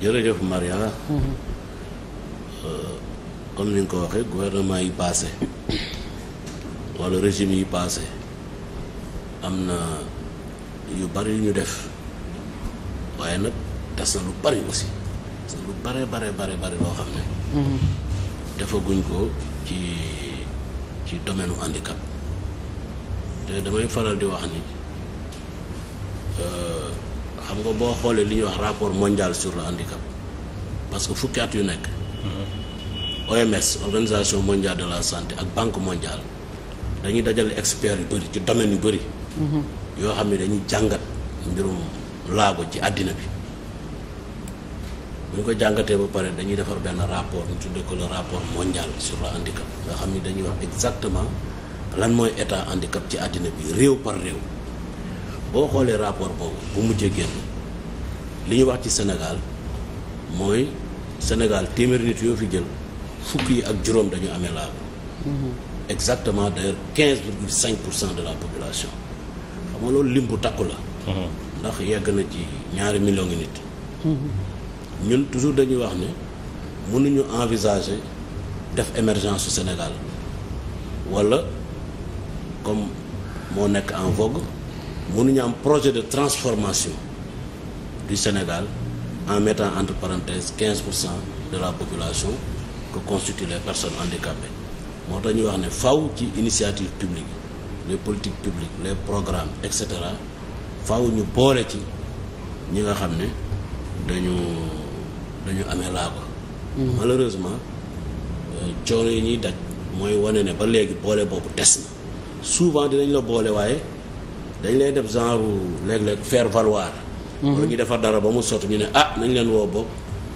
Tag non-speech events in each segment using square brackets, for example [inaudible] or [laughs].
jërëjëf Maria. Euh, comme ni nga ko waxee gouvernement yi passé walla régime yi paase am na yu bari yu ñu def waaye nag des na lu bari aussi lu bare bare bare bari boo xam ne. defaguñ ko ci ci domaine handicap te damay faral di wax ni. Euh, xam nga boo xoolee li ñuy wax rapport mondial sur le handicap parce que fukki at yu nekk. OMS organisation mondiale de la santé ak banque mondiale dañuy dajale experts yu bëri ci domaine yu bëri. yoo xam ne dañuy jàngat mbirum laago ci àddina bi. bu ñu ko jàngatee ba pare dañuy defar benn rapport ñu tuddee ko le rapport mondial sur le handicap nga xam ni dañuy wax exactement lan mooy état handicap ci àddina bi réew par réew. boo xoolee rapport boobu bu mujjee génn li ñu wax ci Sénégal mooy Sénégal téeméeri nit yoo fi jël fukk yi ak juróom dañu amee laago mm-hmm. exactement d'ailleurs quinze virgule cinq pour de la population xam nga lim bu takku la mm-hmm. ndax yegg na ci ñaari million ngi nit mm-hmm. ñun toujours dañuy wax ne mënuñu envisager def émergence su Sénégal wala comme moo nekk en vogue mënuñu am projet de transformation du Sénégal en mettant entre parenthèses pour cent de la population que constituent les personnes en handicapées moo tax ñuy wax ne faw ci initiative publique les politiques publiques les programmes et cetera faw ñu boole ci ñi nga xam ne dañu dañu amee laa ko mm. malheureusement euh, coono yi ñuy daj mooy wane ne ba léegi boole boobu des na souvent dinañ la boole waaye dañ lay def genre léeg-léeg faire valoir. Mhm. wala ñu defar dara ba mu sotti ñu ne ah nañ leen woo boog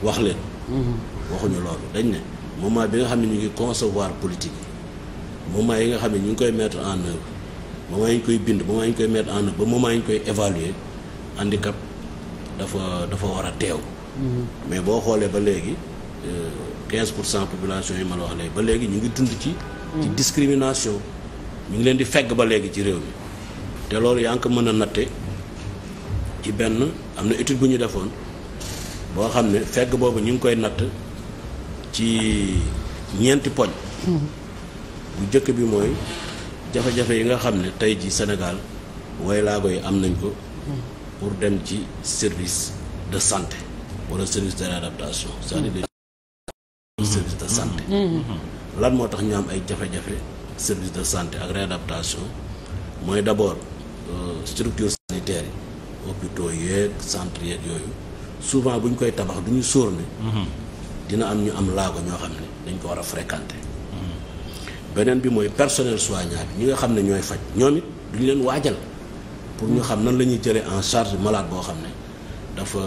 wax leen. Mhm. waxuñu loolu dañ ne moment bi nga xam ne ñu ngi concevoir politique yi moment yi nga xam ne ñu ngi koy mettre en œuvre moment yi ñu koy bind moment yi ñu koy mettre en œuvre ba moment yi ñu koy évaluer handicap dafa dafa war a teew. Mhm. mais boo xoolee ba léegi euh, quinze pour cent population yi mal la wax léegi ba léegi ñu ngi dund ci. ci discrimination ñu ngi leen di fegg ba léegi ci réew mi. te loolu yaa ngi ko mën a natte ci benn am na étude bu ñu defoon boo xam ne fegg boobu ñu ngi koy natt ci ñeenti poñ. Mm-hmm. bu njëkk bi mooy jafe-jafe yi nga xam ne tey ji Sénégal way laago yi am nañ ko. Mm-hmm. pour dem ci service de santé wala service de réadaptation c'est-à-dire mm-hmm. service de santé. lan moo tax ñu am ay jafe-jafe service de santé ak réadaptation mooy d'abord. Euh, structure sanitaire yi hôpitaux yeeg centre yooyu souvent bu ñu koy tabax du ñu sóor mhm. dina am ñu am laago ñoo xam ne dañ ko war a fréquenter beneen bi mooy personnel soignant bi ñi nga xam ne ñooy faj ñoom it duñ leen waajal pour ñu xam nan la ñuy jëlee en charge malade boo xam ne dafa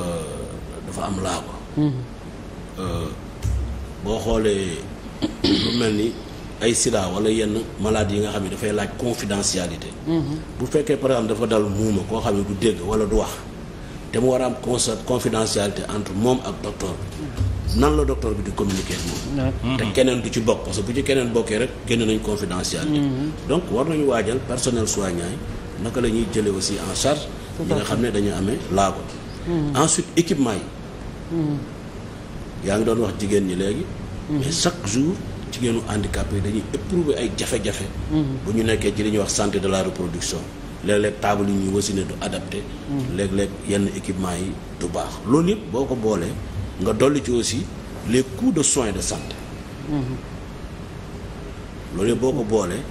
dafa am laago mhm. euh, boo xoolee lu mel ni ay sida wala yenn maladies yi nga xam ne dafay laaj confidentialité. Mhm. bu fekkee par exemple dafa dal muuma koo xam ne du dégg wala du wax te mu war a am confidentialité entre moom ak docteur mhm. nan la docteur bi di communiquer ak moom. Mhm. te keneen du ci bokk parce que bu ci keneen bokkee rek génne nañ confidentialité. donc war nañu waajal personnel soignant yi naka la ñuy jëlee aussi en charge. ñi nga xam ne dañu amee laago. ensuite équipement yi. yaa ngi doon wax jigéen ñi léegi. chaque jour. jigéenu handicapé yi dañuy éprouver ay jafe-jafe. bu ñu nekkee ci li ñuy wax santé de la reproduction léeg-léeg taabal yi ñuy wasine du adapté. léeg-léeg yenn équipement yi du baax loolu yëpp boo ko boolee nga dolli ci aussi les coûts de soins de santé. loolu yëpp boo ko boolee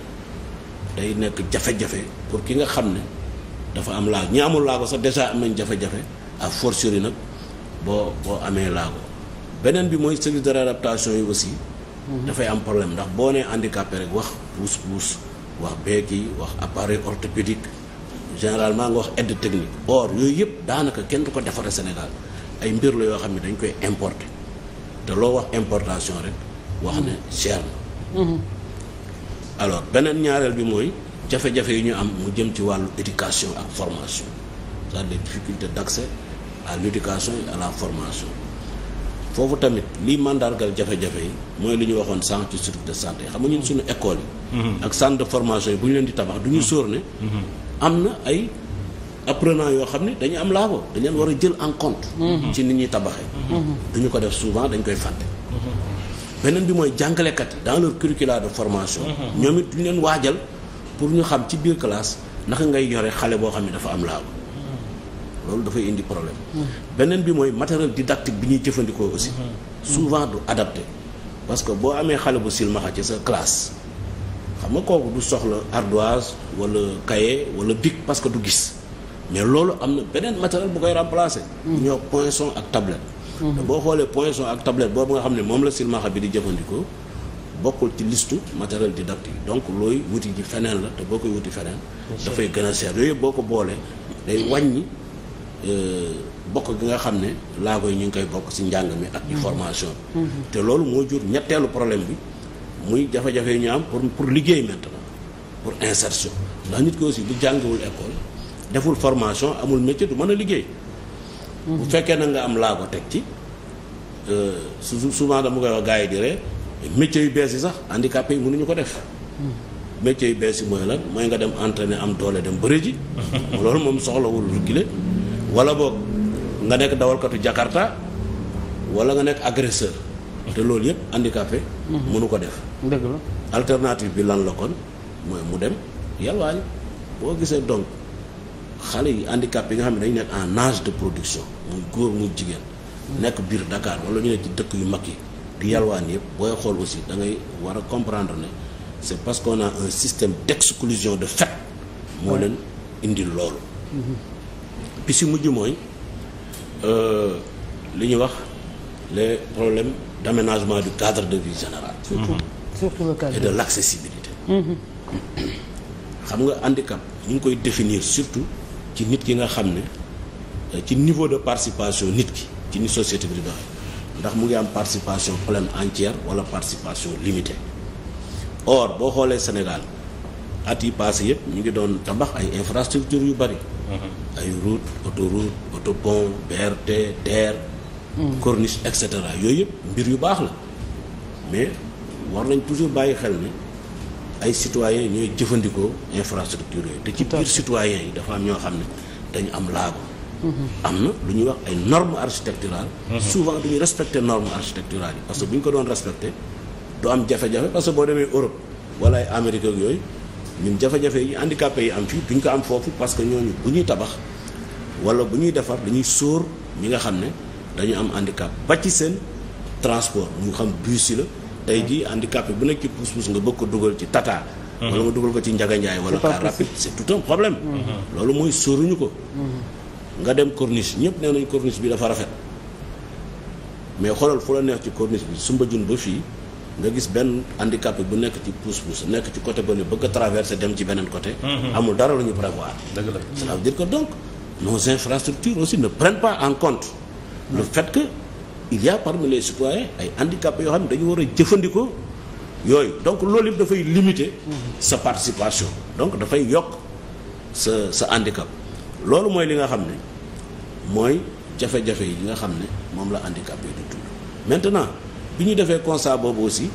day nekk jafe-jafe pour ki nga xam ne dafa am laago ñi amul laago sax déjà am nañ jafe-jafe à fortiori nag boo boo amee laago beneen bi mooy service de réadaptation yi aussi. dafay am problème ndax boo nee handicapé rek wax pousse pousse wax béquille wax appareil orthopédique généralement nga wax aide technique or yooyu yëpp daanaka kenn du ko defaree Sénégal ay mbir la yoo xam ne dañ koy importer te loo wax importation rek wax ne cher na mhm. alors beneen ñaareel bi mooy jafe-jafe yi ñu am mu jëm ci wàllu éducation ak formation c'est-à-dire difficulté d'accès ak l'éducation et à la formation foofu tamit liy mandargal jafe-jafe yi mooy lu ñu waxoon sànq ci structure de santé xam nga ñu suñu école yi. Mhm. ak centre de formation yi bu ñu leen di tabax du ñu mhm. sóor ne. Mhm. am na ay aprenant yoo xam ne dañu am laabo dañ leen war a jël en compte. ci nit ñuy tabaxee. duñu ko def souvent dañ koy fàtte. beneen bi mooy jàngalekat yi dans leur curricula de formation. ñoom it duñu leen waajal pour ñu xam ci biir classe naka ngay yore xale boo xam ne dafa am laabo. loolu dafay indi problème beneen bi mooy matériel didactique bi ñuy jëfandikoo aussi souvent du adapté parce que boo amee xale bu silmaxa ci sa classe xam nga kooku du soxla ardoise wala cahier wala bic parce que du gis mais loolu am na beneen matériel bu koy remplacer mm. ñoo poinçon ak tablette te mm. boo xoolee poinçon ak tablette boobu nga xam ne moom la silmaxa bi di jëfandikoo bokkul ci listu matériel didactique donc looy wuti ji feneen la te boo koy wuti feneen dafay gën a seer yooyu boo ko boolee day wàññi Euh, bokk gi nga xam ne laago yi ñu ngi koy bokk ci njàng mi ak ci mhm. formation bi mhm. te loolu moo jur ñetteelu problème bi muy jafe-jafe yi ñu am pour pour liggéey maintenant pour insertion ndax nit ko aussi bu jàngewul école deful formation amul métier du mën a liggéey mhm. bu fekkee na nga am laago teg ci euh, su souvent dama koy wax gars yi di ree métier yu bees yi sax handicapé yi mënuñu ko def métier yu bees yi mooy la mooy nga dem entraîner am doole dem bëri ji loolu moom soxlawul reculer wala boog nga nekk dawalkatu Jakarta wala nga nekk agresseur te loolu yëpp handicapé mënu ko def dëgg la alternative bi lan la kon mooy mu dem yalwaañ boo gisee donc xale yi handicapé yi nga xam ne dañu nekk en âge de production muy góor muy jigéen nekk biir Dakar wala ñu ne ci dëkk yu mag yi di yalwaan yëpp booy xool aussi dangay war a comprendre ne c'est parce qu'on a un système d'exclusion de fet moo leen indi loolu mhm. bi si mujj mooy euh, li ñuy wax les problème d'aménagement du cadre de vie général. surtout mhm. surtout le cadre mhm. xam nga handicap ñu ngi koy definir surtout ci nit ki nga xam ne euh, ci niveau de participation nit ki ci ni société bi di ndax mu ngi am participation pleine entière wala participation limitée or boo xoolee Sénégal at yi passé yëpp ñu ngi doon tabax ay infrastructures yu bari. Mm-hmm. ay route autoroute autopont BRT TER mm. corniche et cetera yooyu mbir yu baax la mais war nañ toujours bàyyi xel ni ay citoyens ñooy jëfandikoo infrastructure yooyu te ci biir citoyens yi dafa am ñoo xam ne dañu am laago mm-hmm. am na lu ñuy wax ay normes architecturales mm-hmm. souvent duñu respecter normes architecturales yi parce que bu ñu ko doon respecter du am jafe-jafe parce que boo demee Europe wala ay Amérique yooyu ñun jafe-jafe yi handicapé yi am fii duñ ko am foofu parce que ñooñu bu ñuy tabax wala bu ñuy defar dañuy sóor ñi nga xam ne dañu am handicap ba ci seen transport mu xam bus yi la tey jii handicapé bu nekk ci pousse-pousse nga bëgg ko dugal ci tata mhm. wala nga dugal ko ci njaganjaay wala car rapide c'est tout un problème mhm. loolu mooy sóoruñu ko mhm. nga dem corniche ñëpp nee nañ corniche bi dafa rafet mais xoolal fu la neex ci corniche bi sumba jun ba fii nga gis benn handicapé bu nekk ci pousse pousse nekk ci côté bële bëgg a traversé dem ci beneen côté. Mhm. amul dara lu ñu prévoir. dëgg la cela veut dire que donc nos infrastructures aussi ne prennent pas en compte le mhm. fait que il y a parmi les ay handicapés yoo xam ne dañu war a jëfandikoo yooyu donc loolu yëpp dafay limiter. Mhm. sa participation. donc dafay yokk sa sa handicap. loolu mooy li nga xam ne mooy jafe-jafe yi nga xam ne moom la handicapé yi di tudd maintenant. bi ñu defee constat boobu aussi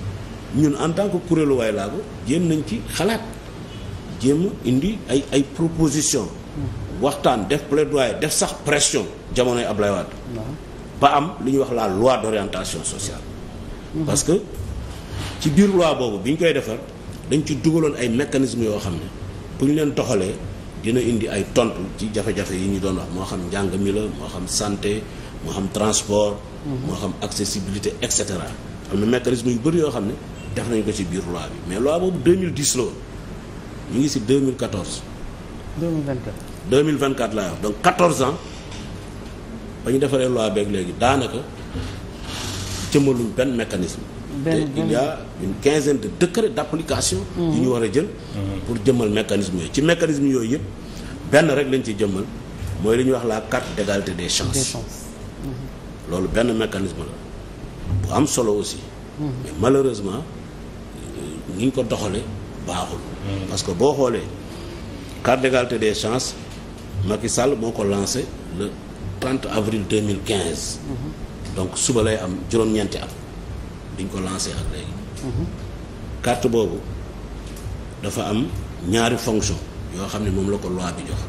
ñun en tant que kuréelu waay laa ko jéem nañ ci xalaat jéem indi ay ay proposition waxtaan def plaidoyer def sax pression jamonoy Ablaye Wade ba am lu ñuy wax la loi d'orientation sociale parce que ci biir loi boobu bi ñu koy defar dañ ci dugaloon ay mécanismes yoo xam ne bu ñu leen toxalee dina indi ay tontu ci jafe-jafe yi ñu doon wax moo xam njàng mi la moo xam santé moo xam transport. moo xam accessibilité et cetera. am na mécanisme yu bëri yoo xam ne def nañ ko ci biir loi bi mais loi boobu 2010 la woon ñu ngi ci 2014. 2024. 2024 laa wax donc 14 ans ba ñu defaree loi beeg léegi daanaka jëmmaluñ benn mécanisme. benn te il y a une quinzaine de décrets d'application. yu ñu war a jël. pour jëmmal mécanisme yooyu ci mécanisme yooyu yëpp benn rek lañ ci jëmmal mooy li ñuy wax la carte d'égalité des chances. loolu benn mécanisme la bu am solo aussi. mais malheureusement niñ ko doxale baaxul. parce que boo xoolee carte d'égalité des chances Macky Sall boo ko lancé le 30 avril 2015. donc suba lay am juróom-ñeenti at diñ ko lancé ak léegi. carte boobu dafa am ñaari fonction yoo xam ne moom la ko loi bi jox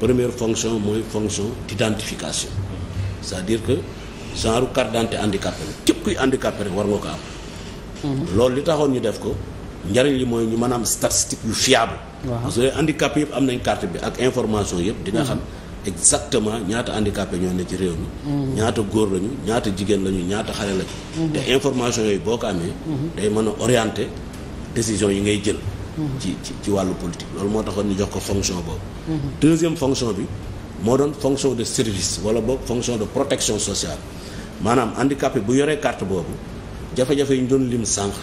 première fonction mooy fonction d'identification. c'est-à-dire que genre carte d'identité handicapé la képp kuy handicapé rek war nga ko am. Mhm. loolu li taxoon ñu def ko njariñ li mooy ñu mën a am statistique yu fiable. parce que handicapé yëpp am nañ carte bi ak information yëpp. di mhm. xam exactement ñaata handicapé ñoo ne ci réew mi. Mhm. ñaata góor lañu ñaata jigéen lañu ñaata xale lañu. te information yooyu boo ko amee. day mën a orienter décision yi ngay jël. ci ci ci wàllu politique loolu moo taxoon ñu jox ko fonction boobu. deuxième fonction bi. moo doon fonction de service wala boo fonction de protection sociale maanaam handicapé bu yoree carte boobu jafe-jafe yi ñu doon lim sànq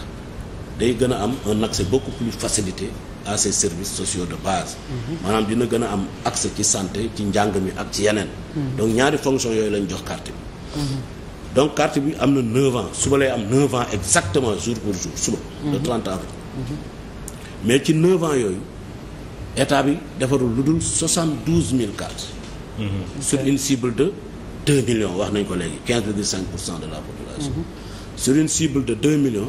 day gën a am un accès beaucoup plus facilité à ces services sociaux de base. Mhm. maanaam dina gën a am accès ci santé ci njàng mi ak ci yeneen. Mhm. donc ñaari fonction yooyu lañ jox carte bi. Mhm. donc carte bi am na 9 ans suba lay am 9 ans exactement jour pour jour suba. le 30 avril. mais ci 9 ans yooyu état bi defarul lu dul 72000 cartes. Mm-hmm. sur une cible de 2 millions wax nañ ko léegi 15,5 pour cent de la population. Mm-hmm. sur une cible de 2 millions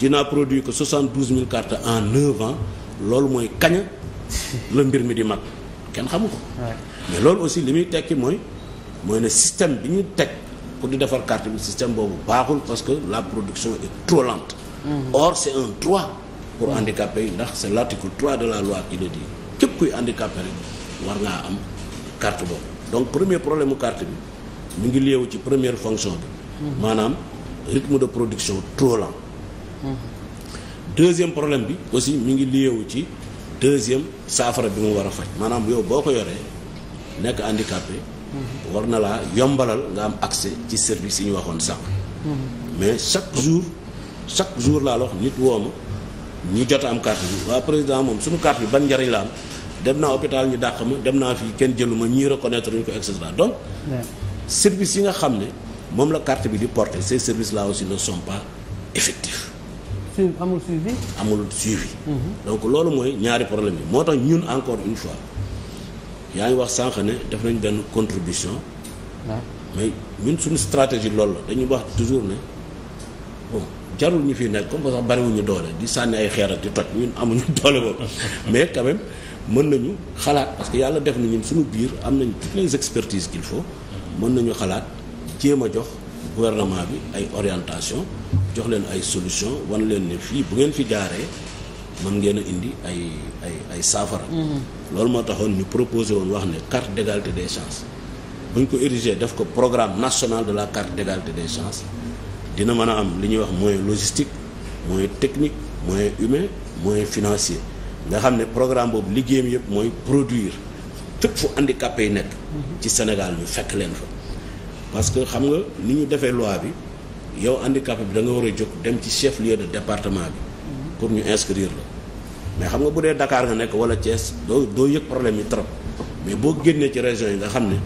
dinaa produit que 72 000 cartes en 9 ans loolu mooy kañ la mbir mi di mag kenn xamu ko. mais loolu aussi li muy tekki mooy mooy ne système bi ñu teg pour di defar carte bi système boobu baaxul parce que la production et trop lente. Mm-hmm. or c'est un droit pour handicapés yi ndax c'est l'article 3 de la loi qui le képp kuy handicapé rek war carte boobu donc premier problème mu carte bi mu ngi léewu ci première fonction bi maanaam rythme de production trop lent deuxième problème bi aussi mi ngi liyewu ci deuxième saafara bi mu war a faj maanaam yow boo ko yoree nekk handicapé war na laa yombalal nga am accès ci service yi ñu waxoon sànq mais chaque jour chaque jour laa la wax nit woo ma ñu jot am carte bi waa président moom suñu carte bi ban njariñ la am dem naa hôpital ñu dàq ma dem naa fii kenn jëlu ma ñii reconnaître ñu ko et cetera donc service yi nga xam ne moom la carte bi di porter ces service là aussi ne sont pas effectifs amul suivi amul suivi mhm. donc loolu mooy ñaari problème yi moo tax ñun encore une fois yaa ngi wax sànq ne def nañ benn contribution mais ñun suñu stratégie loolu la dañuy wax toujours ne jarul ñu fi nekk comme que sax bariwuñu doole di sànni ay xeeral di toj ñun amuñu [laughs] doole boobu mais quand mën nañu xalaat parce que yàlla def nañu ñun suñu biir am nañu toutes les mën nañu xalaat jéem a jox gouvernement bi ay orientation jox leen ay solution wan leen ne fii bu ngeen fi jaaree mën ngeen a indi ay ay ay saafara mm-hmm. loolu moo taxoon ñu proposé woon wax ne carte d'égalité des chances bu ñu ko érigé def ko programme national de la carte d'égalité des chances dina mën a am li ñuy wax moyen logistique moyen technique moyen humain moyen financier nga xam ne programme boobu liggéeyam yëpp mooy produire fépp fu handicapé yi nekk. ci Sénégal ñu fekk leen fa. parce que xam nga ni ñu defee loi bi yow handicapé bi da nga war a jóg dem ci chef lieu de département bi. pour ñu inscrire la. mais xam nga bu dee Dakar nga nekk wala Thiès doo doo yëg problème yi trop mais boo génnee ci région yi nga xam ne.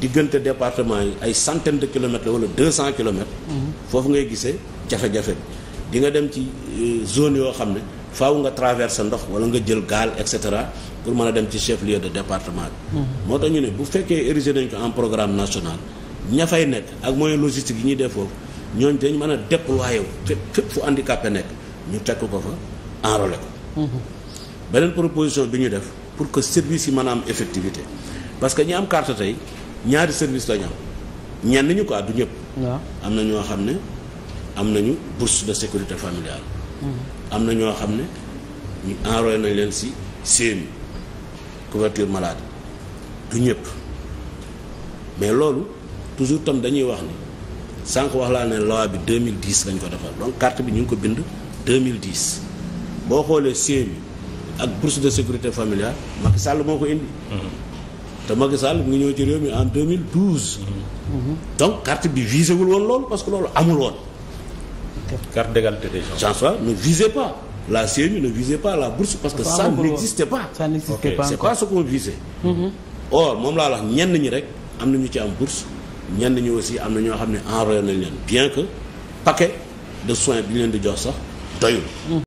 diggante département yi ay centaine de kilomètres la deux cent kilomètres. foofu ngay gisee jafe-jafe bi di nga dem ci euh, zone yoo xam ne faaw nga traverser ndox wala nga jël gaal et cetera pour mën a dem ci chef lieu de département bi. Hmm. moo tax ñu ne bu fekkee érigé nañ ko en programme national ña fay nekk ak moyen logistique yi ñuy def foofu ñooñu dañ mën a déployer wu yow fépp fu handicapé nekk ñu tekk ko fa enrôler ko. Hmm. beneen proposition bi ñu def pour que service yi mën a parce que ñi am carte ñaari service la ñu ñenn ñu quoi du ñëpp. am na ñoo xam ne am nañu bourse de sécurité familiale. Mm-hmm. am na ñoo xam ne ñu enrôlé nañ leen ci CMU couverture maladie du ñëpp mais loolu toujours tam dañuy wax ni sànq wax laa ne loi bi 2010 lañ ko defal donc carte bi ñu ngi ko bind mille 2010 boo xoolee CMU ak bourse de sécurité familiale Macky Sall moo ko indi. Mm-hmm. te Macky Sall mu ngi ñëw ci réew mi en donc carte bi visé woon loolu parce que loolu amul woon. carte d'égalité des chances ne visez pas la CNU ne visez pas la bourse parce que ça n'existait pas ça n'existait pas c'est pas ce qu'on mm-hmm. or moom laa wax ñenn ñi rek am na ñu ci am bourse ñenn ñi aussi am na ñoo xam ne enrôlé nañ leen bien que paquet de soins bi ñu leen di jox sax doyul